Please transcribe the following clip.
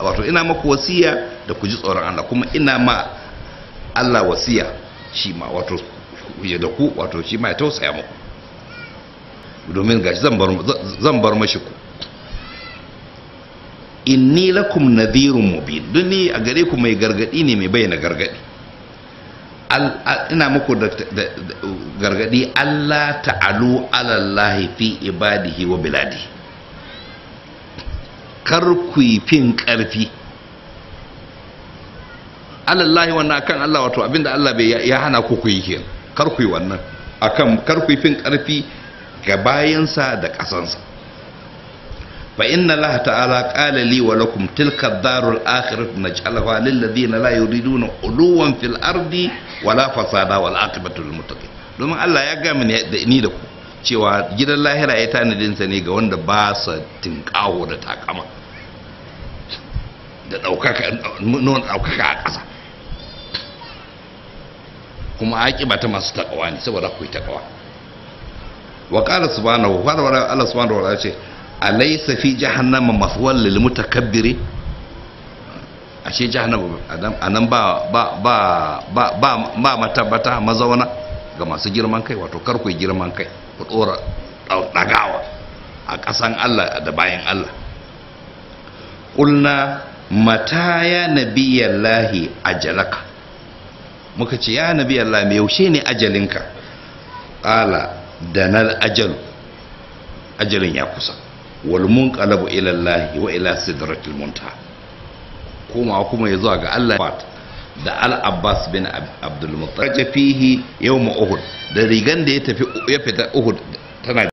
wato ina maku wasiya da ku ji tsoron Allah kuma ina ma Allah wasiya shi ma wato ya da ku wato shi ma ya tausaya muku domin gashi zan bar zan bar mashi ku inni lakum nadhirun mubin don ni a gare ku mai gargadi ne mai bayyana gargadi ina muku da gargadi Allah ta'alu Allah fi ibadihi wa biladihi kar ku ƙarfi alallahi wannan akan Allah wato abinda Allah bai ya hana ku ku yi kenan kar wannan akan kar ƙarfi ga bayansa da ƙasansa fa inna Allah ta'ala qala li wa lakum tilka ad-darul akhiratu naj'alha lil ladina la yuriduna uluwan fil ardi wala fasada wal aqibatu lil muttaqin domin Allah ya ga mini da ni da ku cewa gidan lahira ya tanadinsa ne ga wanda ba sa tinkawo da takama da ɗaukaka a ƙasa kuma a ƙi ta masu taƙawa ne saboda ku yi taƙawa wa ƙara subhanahu fara wani Allah su ba na wa ce a alaysa fi jahannama maswal lil mutakabbiri ashe jahannama anan ba ba ba ba ba ba matabbata mazauna ga masu girman kai wato karku yi girman kai ku dora ɗagawa a ƙasan Allah da bayan Allah qulna mata ya yallahi ajalaka muka ce ya yallahi mai yaushe ne ajalinka ƙala da na ajalu ajalin ya kusa walmun ƙalabu ilallahi wa ila sidratul munta komawa kuma ya zuwa ga Allah da al-abbas bin abdul muttalib fihi yau uhud da rigan da ya tafi ya fita uhud tana